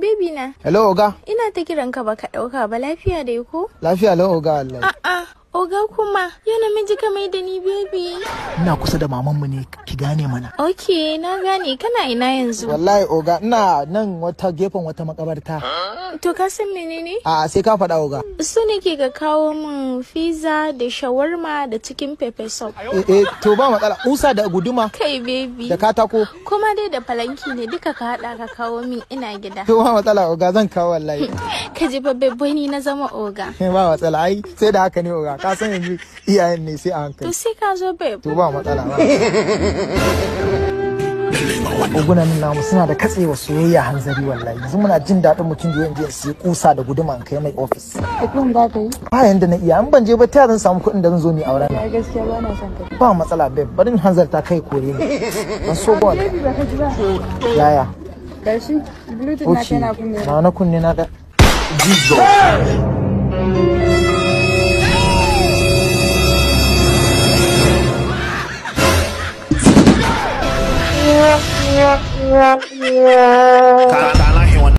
babina Hello Oga. Ina ta kiran ka baka dauka ba lafiya dai ko? Lafiya lau Oga Allah. A'a, Oga kuma ji kamar da ni baby? Ina kusa da mamanmu ne ki gane mana. Ok, na gane kana ina yanzu. Wallahi oga ina nan wata gefen wata makabarta. To ka san menene? A sai ka faɗa oga. Su ne ke ga kawo min pizza da shawarma da cikin pepper soup. Eh, eh, to ba matsala usa da guduma. Kai baby. Da katako. Kuma dai da falanki ne duka ka haɗa ka kawo min ina gida. To ba matsala oga zan kawo wallahi. Ka je babbe ni na zama oga. Ba matsala ai sai da haka ne oga ka san yanzu iyayen ne sai a hankali to sai ka zo babe to ba matsala ba Gugunan namu suna da katsewa soyayya hanzari wallahi yanzu muna jin daɗin mutum da yanzu sai kusa da guduma an kai mai ofis. Kuɗin da ka yi? Ba yanda na iya an ban je ba ta zan samu kuɗin da zan zo ni a wurin. gaskiya ba na son ka. Ba matsala babe bari hanzarta kai kore ne. Ban so ba. Yaya? Gashi Bluetooth na kana kunne. Na na kunne na da. Jesus. Karena hewan